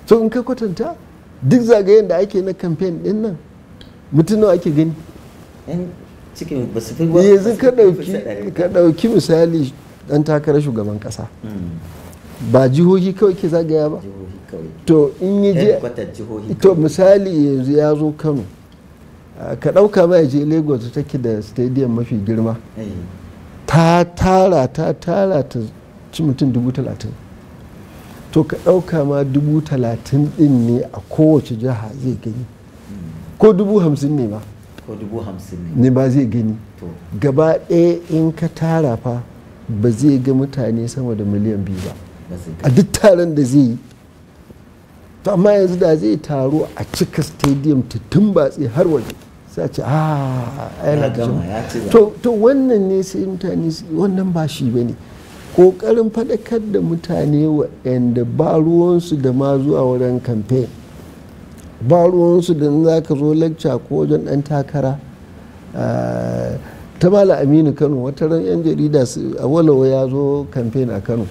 so in ka kwatanta duk zagayen da ake na kamfen ɗin nan mutum nawa ake gani yanzu ka ɗauki misali dan takarar shugaban kasa hmm. ba jihohi kawai ke zagaya ba to in yi je to misali yanzu ya zo kano ka ɗauka ba ya je lagos ta take da stadium mafi girma eh. ta tara ta tara ta ci mutum dubu talatin to ka ɗauka ma dubu talatin din ne a kowace jiha zai gani hmm. ko dubu hamsin ne ba ko dubu hamsin ne ba zai gani gaba ɗaya in ka tara fa ba zai ga mutane sama da miliyan biyu ba a duk taron da zai yi to amma yanzu da zai taro a cika stadium ta tun batse har waje sai ce ah, a yana to wannan ne sai mutane wannan ba shi ba ne kokarin faɗakar da mutane waɗanda ba ruwansu da ma zuwa wajen kamfe ba ruwansu da za ka zo lacca ko wajen ɗan takara eh, ta mala aminu kano wata ran yan jarida a walawa ya zo kamfen a kano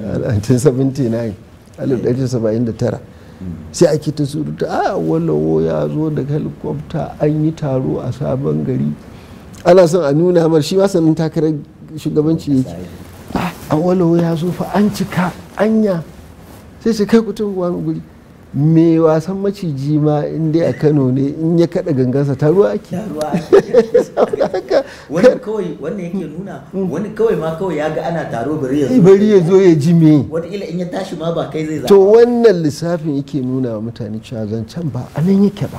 a 1979 sai ake ta surutu a ah, walawo ya zo da helikwafta an yi taro a sabon gari ana son a nuna mar shi sannan takarar shugabanci yake a ah, walawo ya zo fa an cika anya sai sai kai kuta wani guri me wasan maciji ma in dai a kano ne in ya kada gangansa ta ruwa ake wani kawai wannan yake nuna wani kawai ma kawai ya ga ana taro bari ya zo eh, bari ya zo ya ji me wataƙila in ya tashi ma ba kai zai zama to wannan lissafin yake nuna wa mutane cewa zancen ba a nan yake ba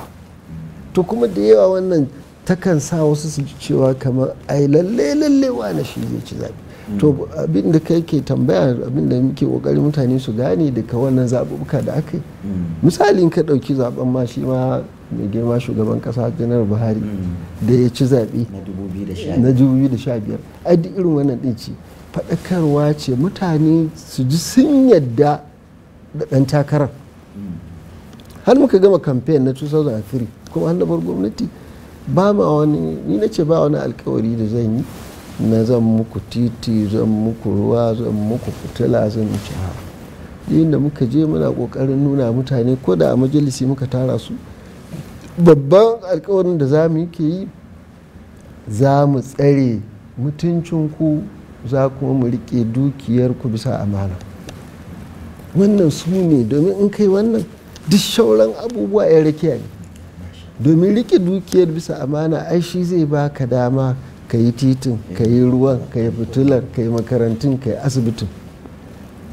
to kuma da yawa wannan takan sa wasu su ji cewa kamar ai lalle lalle na shi zai ci zaɓe to abin da kai ke tambaya abinda da muke kokari mutane su gane daga wannan zaɓuɓɓuka da aka yi mm. misalin ka ɗauki zaɓen ma shi ma mai girma shugaban kasa janar buhari mm. da ya ci zaɓe na 2015 a duk irin wannan ɗin ce faɗakarwa ce mutane su ji sun yadda da ɗan takarar mm. har muka gama kamfen na 2003 kuma har na gwamnati ba ma wani ni na ce ba wani alkawari da zan yi na zan muku titi zan muku ruwa zan muku fitila zan muku ha da muka je muna kokarin nuna mutane ko da a majalisi muka tara su babban alkawarin da za mu yi ke yi za mu tsare mutuncinku za kuma mu riƙe dukiyarku bisa amana wannan su ne domin in kai wannan duk shauran abubuwa ya rakiya ne domin riƙe dukiyar bisa amana ai shi zai baka dama ka yi titin eh. ka yi ruwan ka yi fitilar ka yi makarantun ka yi asibitin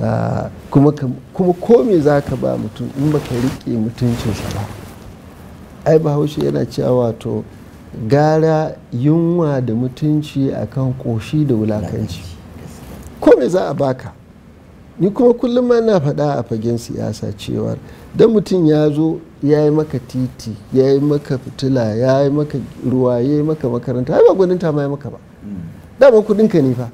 ah, kuma ko me za ka ba mutum in ba ka riƙe mutuncinsa ba ai bahaushe yana cewa wato gara yunwa da mutunci akan ƙoshi da wulakanci ko me za a baka ni kuma kullum ma na faɗa a fagen siyasa cewa don mutum ya zo ya yi maka titi ya yi maka fitila ya yi maka ruwa ya yi maka makaranta ai ba gwaninta ma ya maka ba mm. dama kudin ka ne fa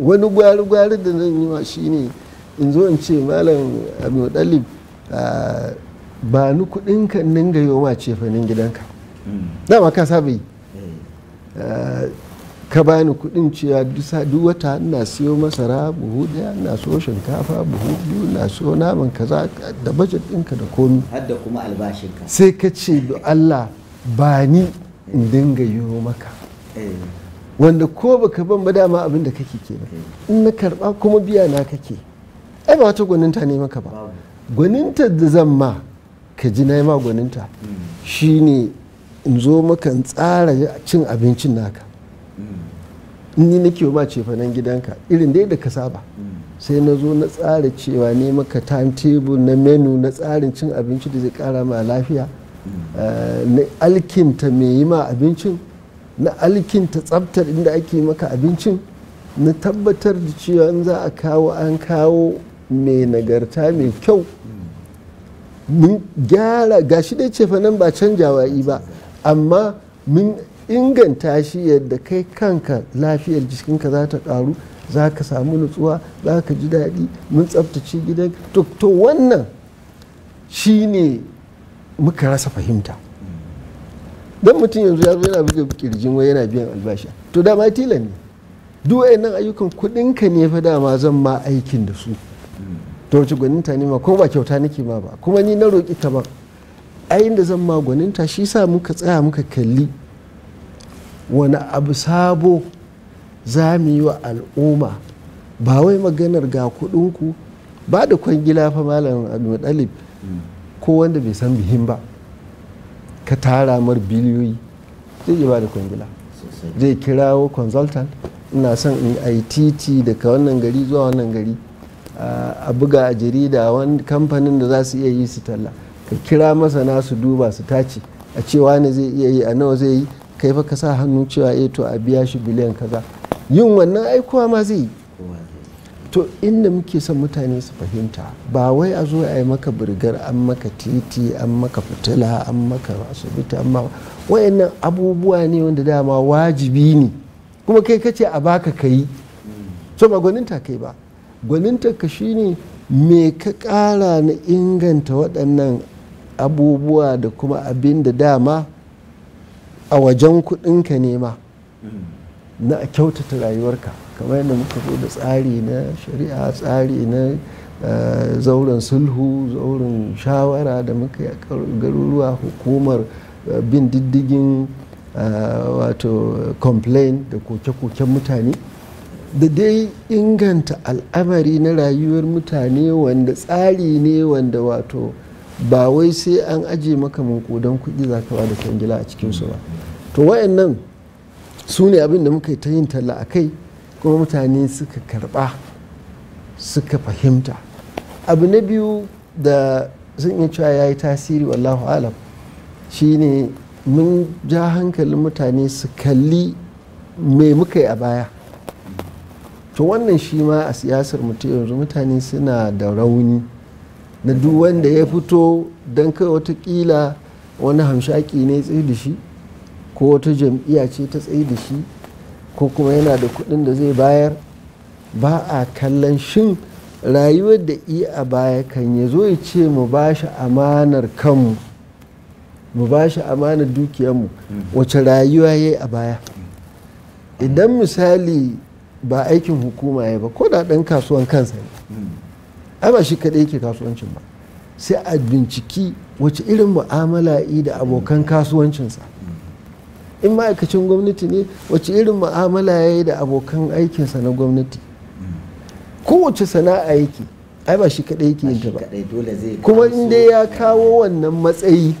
wani gwari gwari da zan yi wa ne in zo in ce malam abu dalib ba ni kudin ka ninga yoma ce fa gidanka mm. dama ka saba eh. ka bani kudin cewa duk wata ina siyo masara buhu daya ina siyo shinkafa buhu biyu ina siyo naman kaza da bajet ɗinka da komi har da kuma albashinka sai ka ce da Allah ba ni in dinga yiwo maka eh. wanda ko baka ban ba dama abin da kake ba. Eh. in na karba kuma biya na kake ai ba wata gwaninta ne maka ba gwaninta da zan ma ka ji na yi ma gwaninta hmm. shine in zo maka in tsara cin abincin naka in ni nake ma nan gidanka irin dai da ka saba sai na zo na tsara cewa ne maka timetable na menu na tsarin cin abinci da zai kara ma lafiya eh, na alkinta mai yi ma abincin na alkinta tsabtar inda ake maka abincin na tabbatar da cewa in za a kawo an kawo mai nagarta mai kyau mun gyara gashi dai nan ba canjawa ba amma mun inganta shi yadda kai kanka lafiyar jikinka za ta ƙaru za ka samu nutsuwa za ka ji daɗi mun tsabtace gidan to wannan shi ne muka rasa fahimta don mutum yanzu ya zo yana buga kirjin wai yana biyan albashi to dama tila ne duk nan ayyukan kuɗinka ne fa dama zan ma aikin da su to wace gwaninta ne ma ko ba kyauta nake ma ba kuma ni na roƙi ta ba ayin da zan ma gwaninta shi sa muka tsaya muka kalli wani abu sabo za mu yi wa al'umma ba wai maganar ga kudinku ba da kwangila fa malam abdulmutalib ko wanda bai san bihin ba ka tara mar biliyoyi zai yi ba da kwangila zai kirawo consultant ina son in ai titi daga wannan gari zuwa wannan gari a buga a jarida wani kamfanin da za su iya yi su talla ka kira masana su duba su tace a cewa ne zai iya yi a nawa zai yi kai fa ka sa hannu cewa eh to a biya shi biliyan kaza yin wannan aikuwa ma zai to inda muke son mutane su fahimta ba wai a zo a yi maka birgar an maka titi an maka fitila an maka asibiti amma wayannan abubuwa ne wanda dama wajibi ne kuma kai kace a baka ka yi so ba gwaninta kai ba gwaninta ka shine me ka kara na inganta waɗannan abubuwa da kuma abin da dama a wajen kudinka ne ma na kyautata rayuwarka kamar yadda muka zo da tsari na shari'a tsari na eh, zauren sulhu zauren shawara da muka yi a garuruwa hukumar eh, bin diddigin eh, wato complain da koke-koken mutane da dai inganta al'amari na rayuwar mutane wanda tsari ne wanda wato ba wai sai an aje maka don kuɗi za ka da kwangila a cikinsu ba to wayannan su ne abin da muka yi ta yin talla a kai kuma mutane suka karɓa suka fahimta abu na biyu da sun yi cewa ya yi tasiri wallahu alam shine mun ja hankalin mutane su kalli mai muka yi a baya to wannan shi ma a siyasar mutu yanzu mutane suna da rauni na duk wanda ya fito don kai watakila wani hamshaki ne tsaye da shi ko wata jam'iyya ce ta tsaye da shi ko kuma yana da kuɗin da zai bayar ba a kallon shin rayuwar da iya a baya kan ya zo ya ce mu ba shi amanar kanmu mu ba shi amanar dukiyarmu wace rayuwa ya yi a baya idan misali ba aikin hukuma ya ba ko da ɗan kasuwan kansa ne ai ba shi kaɗai ke kasuwancin ba sai a binciki wace irin mu'amala yi da abokan kasuwancinsa in ma'aikacin gwamnati ne wace irin mu'amala ya yi da abokan aikinsa na gwamnati kowace sana'a yake ai ba shi kaɗai ke yin ta ba kuma in dai ya kawo wannan matsayi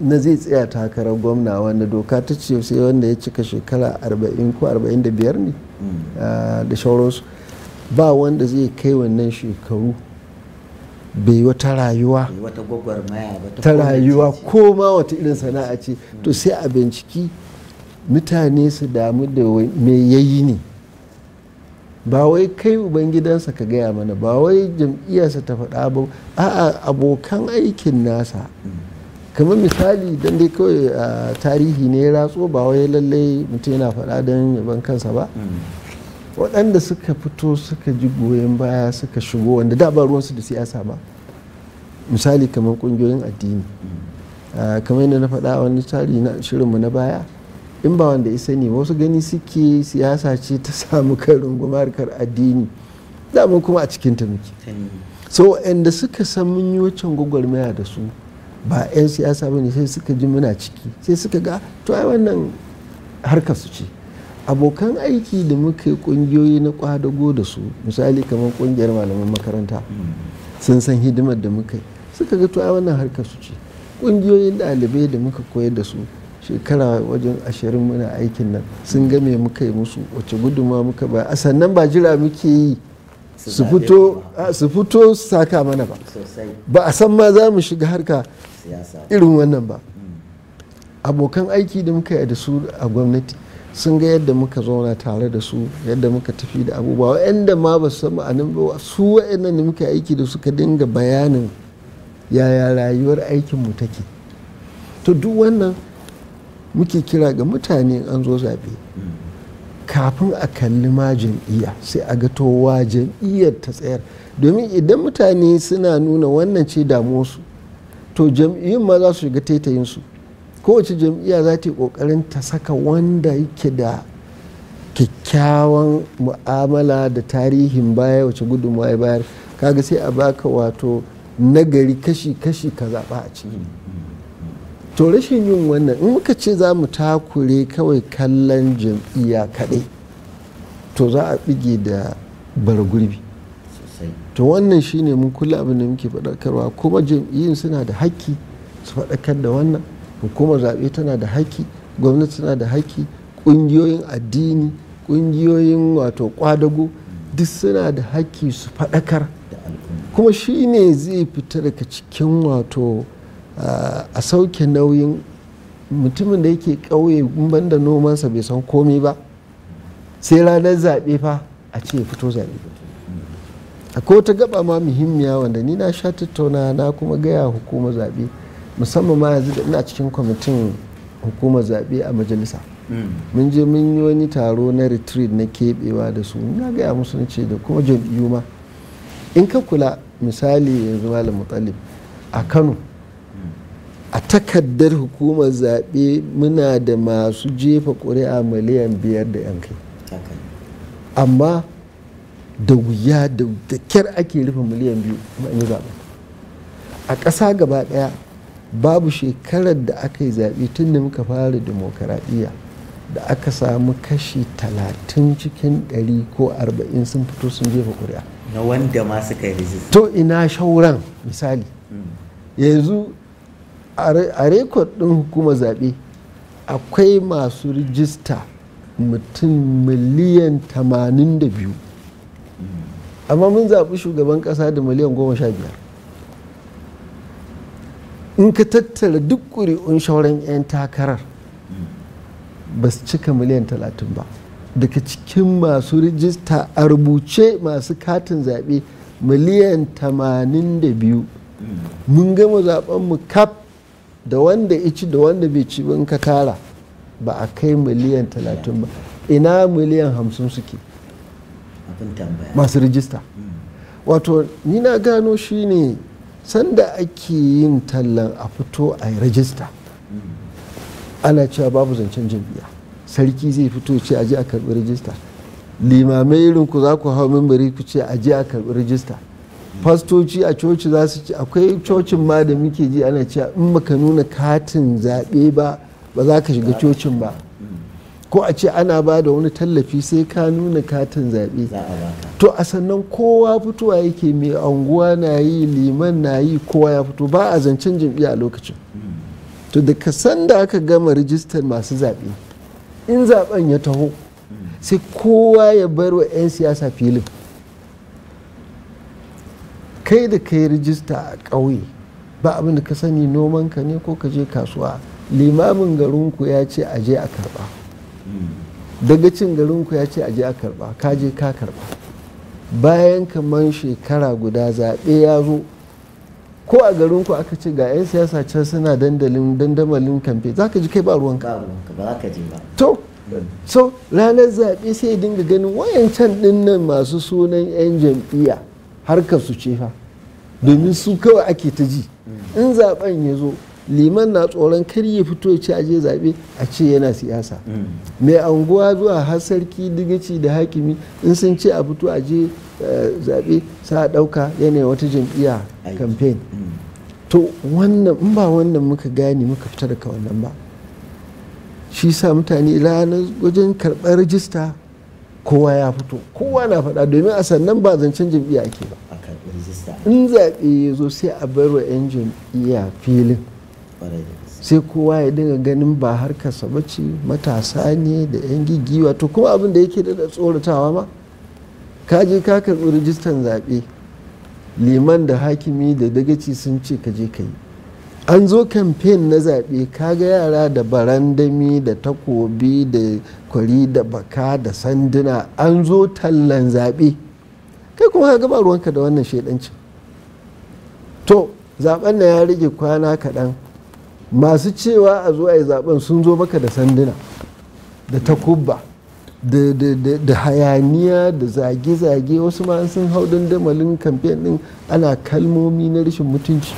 na zai tsaya takarar gwamna wanda doka ta ce sai wanda ya cika shekara 40 ko 45 ne mm. ah, da shauransu ba wanda zai kai wannan shekaru bai yi wata rayuwa ta rayuwa ko ma wata irin sana'a ce to hmm. sai a binciki mutane su damu da mai yayi ne ba wai kai ubangidansa ka gaya mana ba wai jam'iyyarsa ta faɗa ba a'a abokan aikin nasa hmm. kamar misali don dai kawai ah, tarihi ne ya ratso ba wai lallai mutum yana faɗa don yaban kansa ba hmm. waɗanda suka fito suka ji goyon baya suka shigo wanda da ba ruwansu da siyasa ba misali kamar ƙungiyoyin addini ah, kamar yadda na faɗa wani tari na shirinmu na baya in ba wanda isa ne wasu gani suke siyasa ce ta samu karin gumarkar addini da mun kuma a cikin ta muke so inda suka san mun yi waccan gwagwarmaya da su ba 'yan siyasa ba ne sai suka ji muna ciki sai suka ga to ai wannan harkar su ce abokan aiki da muke kungiyoyi na kwadago da su misali kamar kungiyar malaman makaranta sun san hidimar da muka yi suka ga tuwa wannan harkar su ce kungiyoyin ɗalibai da muka koyar da su shekara wajen ashirin muna aikin nan sun game muka yi musu wacce guduma muka ba a sannan ba jira muke yi su fito su fito saka mana ba ba a san ma za mu shiga harka irin wannan ba abokan aiki da muka yi da su a gwamnati sun ga yadda muka zauna tare da su yadda muka tafi da abubuwa wa'anda ma ba su ma'anin ba su wa'annan da muka aiki da suka dinga bayanin yaya rayuwar aikinmu take to duk wannan muke kira ga mutane an zo zaɓe kafin a kalli ma jam'iyya sai a ga towa jam'iyyar ta tsayar domin idan mutane suna nuna wannan ce damuwarsu to jam'iyyun ma za su shiga taitayinsu kowace jam'iyya za ta yi kokarin ta saka wanda yake da kyakkyawan mu'amala da tarihin baya wace gudunmawa ya bayar kaga sai a baka wato nagari kashi-kashi ka zaɓa a ciki to rashin yin wannan in muka ce za mu takure kawai kallon jam'iyya kaɗai to za a bige da bargurbi to wannan shine mun kula abin da muke faɗakarwa kuma jam'iyyun suna da haƙƙi su faɗakar da wannan hukumar zaɓe tana da haƙƙi gwamnati tana da haƙƙi ƙungiyoyin addini ƙungiyoyin wato ƙwadago duk suna da haƙƙi su faɗakar kuma shi ne zai fita daga cikin wato eh, a sauke nauyin mutumin da yake ƙauye ban da nomansa bai san komai ba sai ranar zaɓe fa a ce ya fito zaɓe akwai wata gaba ma muhimmiya wanda ni na sha tattauna na kuma gaya hukumar zaɓe musamman ma yanzu da ina cikin kwamitin hukumar zaɓe a majalisa hmm. mun je mun yi wani taro na retreat na keɓewa da su na gaya musu na ce da kuma jam'iyyu ma in ka kula misali yanzu malam mutalib a kano a takardar hukumar zaɓe muna da masu jefa ƙuri'a miliyan biyar da yan kai amma da wuya da kyar ake rufe miliyan biyu zaɓe a ƙasa gaba ɗaya babu shekarar da aka yi zaɓe tun da muka fara demokaradiyya da aka samu kashi talatin cikin ɗari ko arba'in sun fito sun jefa kuri'a na wanda ma suka yi to ina shauran misali yanzu a rekod ɗin hukumar zaɓe akwai masu rijista mutum miliyan tamanin da biyu amma mun zaɓi shugaban ƙasa da miliyan biyar. in ka tattara duk ƙuri'un shauran 'yan takarar ba su cika miliyan talatin ba daga cikin masu rijista a rubuce masu katin zaɓe miliyan tamanin da biyu mun gama zaɓenmu kaf da wanda ici da wanda bai ci in ka tara ba a kai miliyan talatin ba ina miliyan hamsin suke masu rijista wato ni na gano shine ne sanda ake yin tallan a fito a yi ana cewa babu zancen jam'iyya sarki zai fito ce aje a karbi rajista limamai irin ku za ku hau mimbari ku ce aje a karbi rajista fastoci a coci za su ce akwai cocin ma da muke ji ana cewa in baka nuna katin zaɓe ba ba za ka shiga cocin ba ko a ce ana ba da wani tallafi sai ka nuna katin zaɓe to a sannan kowa fitowa yake mai anguwa na yi liman na yi kowa ya fito ba a zancen jimbi a lokacin to da ka san da aka gama rijistar masu zaɓe in zaɓen ya taho sai kowa ya bar wa 'yan siyasa filin kai da kai rijista a ƙauye ba abin da ka sani noman ka ne ko ka je kasuwa limamin garinku ya ce a je a karɓa daga cin garinku ya ce a je a karba ka je ka karba bayan kamar shekara guda zaɓe ya zo ko a garinku aka ce ga 'yan siyasa can suna dandalin dandamalin kamfe za ka ji kai ba ruwanka ka to so ranar zaɓe sai dinga ganin wayancan ɗinnan masu sunan 'yan jam'iyya harkar su ce fa domin su kawai ake ta ji in zaɓen ya zo liman na tsoron kar ya fito ya aje zaɓe a ce yana siyasa mai anguwa zuwa har sarki digici da hakimi in sun ce a fito aje eh, zaɓe sa a ɗauka yanayin wata jam'iyya campaign mm. to wannan in ba wannan muka gane muka fita daga wannan ba shi sa mutane ranar wajen karɓar rajista kowa ya fito kowa na faɗa domin a sannan ba zancen jam'iyya ake ba in zaɓe ya zo sai a bar wa 'yan jam'iyya filin sai kowa ya dinga ganin ba harkarsa ba ce matasa ne da 'yan gigi to kuma abin da yake da tsoratawa ma ka je ka karɓi rijistan zaɓe liman da hakimi da dagaci sun ce ka je ka yi an zo kamfen na zaɓe ka ga yara da barandami da takobi da kwari da baka da sanduna an zo tallan zaɓe kai kuma ka ba ruwanka da wannan shaidancin to zaɓen na ya rage kwana kaɗan masu cewa a zuwa a yi zaben sun zo maka da sanduna da takubba da hayaniya da zage-zage wasu ma sun hau dandamalin kamfen din ana kalmomi na rashin mutunci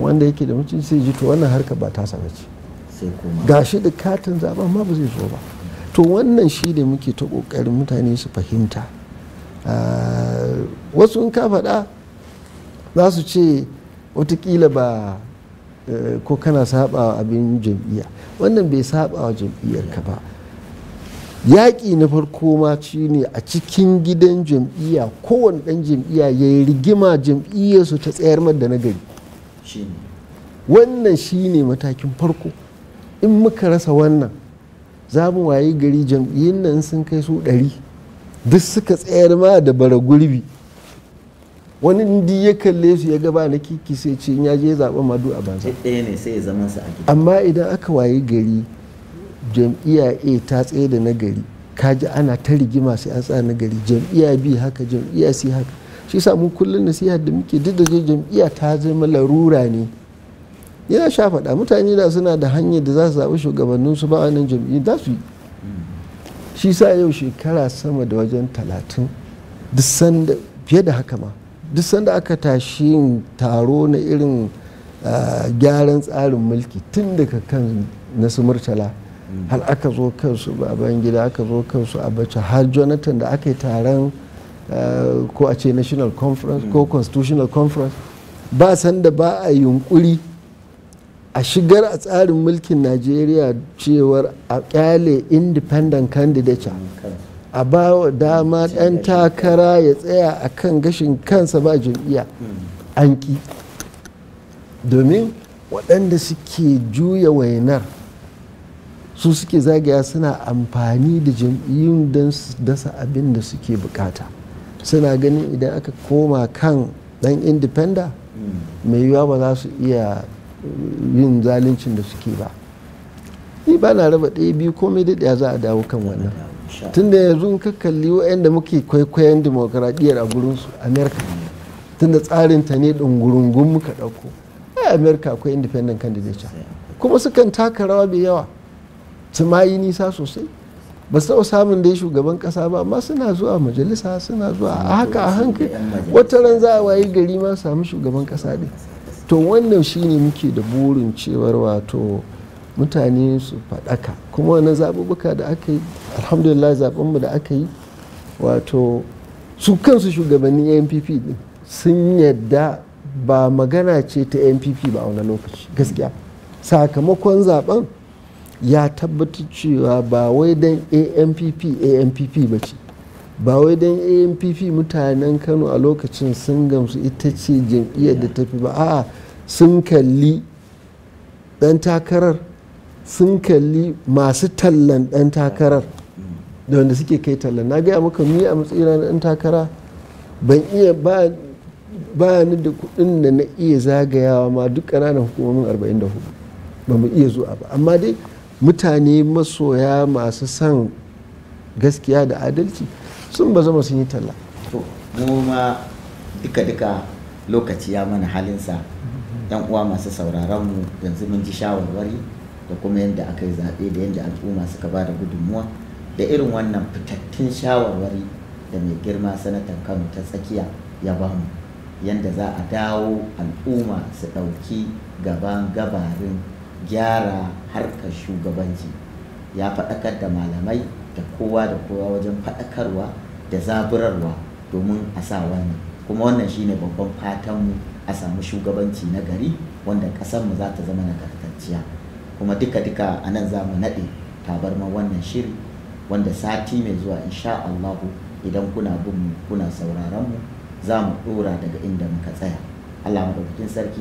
wanda yake da mutunci sai ji to wannan harka ba ta saba ga gashi da katin zaben ma ba zai zo ba to wannan shi da muke ta kokarin mutane su fahimta ah, wasu in ka faɗa za su ce watakila ba Eh, ko kana saba abin jam'iyya wannan bai saba wa jam'iyyar ka ba yaƙi na farko ma shi ne a cikin gidan jam'iyya kowane ɗan jam'iyya ya yi rigima jam'iyyarsu ta tsayar da nagari. wannan shi ne matakin farko in muka rasa wannan za mu wayi gari jam'iyyun nan sun kai su ɗari duk suka tsayar ma da bara gurbi wani ndi ya kalle su ya gaba na kiki sai ce ya je zaɓa madu a banza ɗaya ne sai ya zama sa a gida amma idan aka wayi gari jam'iyya a ta tsaye da nagari kaji ana ta rigima sai an tsaya nagari jam'iyya b haka jam'iyya c haka shi sa mu kullum nasiha da muke duk da je jam'iyya ta zama larura ne yana sha faɗa mutane da suna da hanyar da za su zaɓi su ba a nan za su yi shi sa yau shekara sama da wajen talatin duk sanda fiye da haka ma duk sanda aka tashi yin taro na irin ah, gyaran tsarin mulki tun daga kan nasu murtala har aka zo kansu baban gida aka zo kansu abacha har jonathan da aka yi taron ah, ko a ce national conference ko mm. constitutional conference ba sanda ba a yunkuri a shigar a tsarin mulkin najeriya cewar a kyale independent candidature mm, a ba dama ɗan takara ya tsaya a kan gashin kansa ba jam'iyya an ƙi domin waɗanda suke juya wainar su suke zagaya suna amfani da jam'iyyun don su dasa abin da suke bukata suna ganin idan aka koma kan ɗan indifenda mai yiwuwa ba za su iya yin zaluncin da suke ba ni ba na raba ɗaya biyu komai ɗaya za a dawo kan wannan da yanzu in ka kalli wa'anda muke kwaikwayon demokaradiyyar a gurinsu amerika da tsarin ta ne ɗungurungun muka ɗauko a amerika akwai independent candidate kuma sukan taka rawa mai yawa su ma yi nisa sosai ba su taɓa samun dai shugaban kasa ba amma suna zuwa majalisa suna zuwa a haka a hankali wata ran za a wayi gari ma samu shugaban kasa ne to wannan shine muke da burin cewar wato mutane su faɗaka kuma wani zaɓuɓɓuka da aka yi alhamdulillah zaɓenmu da aka yi wato su kansu shugabannin npp din sun yadda ba magana ce ta npp ba a wani lokaci gaskiya sakamakon zaben ya tabbatar cewa ba wai don ampp ampp ba ce ba wai don ampp mutanen kano a lokacin sun gamsu ita ce jam'iyyar da tafi ba a sun kalli dan takarar sun kalli masu tallan dan takarar da wanda suke kai talla na gaya maka ni a matsayina na ɗan takara ban iya ba ni da kuɗin da na iya zagayawa ma duk ƙananan hukumomin 44 ba mu iya zuwa ba amma dai mutane masoya masu son gaskiya da adalci sun ba zama sun yi talla to mu ma duka-duka lokaci ya mana halinsa yan uwa masu sauraron mu yanzu mun ji shawarwari da kuma yadda aka yi zaɓe da yadda al'umma suka ba da gudunmuwa da irin wannan fitattun shawarwari da mai girma sanatan kano ta tsakiya ya bamu yadda za a dawo al'umma su ɗauki gaban gabarin gyara harkar shugabanci ya faɗakar da malamai da kowa da kowa wajen faɗakarwa da zaburarwa domin a sa wannan kuma wannan shine babban fatanmu a samu shugabanci na gari wanda ƙasarmu za ta zama nagartacciya kuma duka-duka a nan za mu naɗe tabarman wannan shiri wanda sati mai zuwa insha Allah idan kuna bin mu kuna sauraron mu za mu dora daga inda muka tsaya Allah madaukakin sarki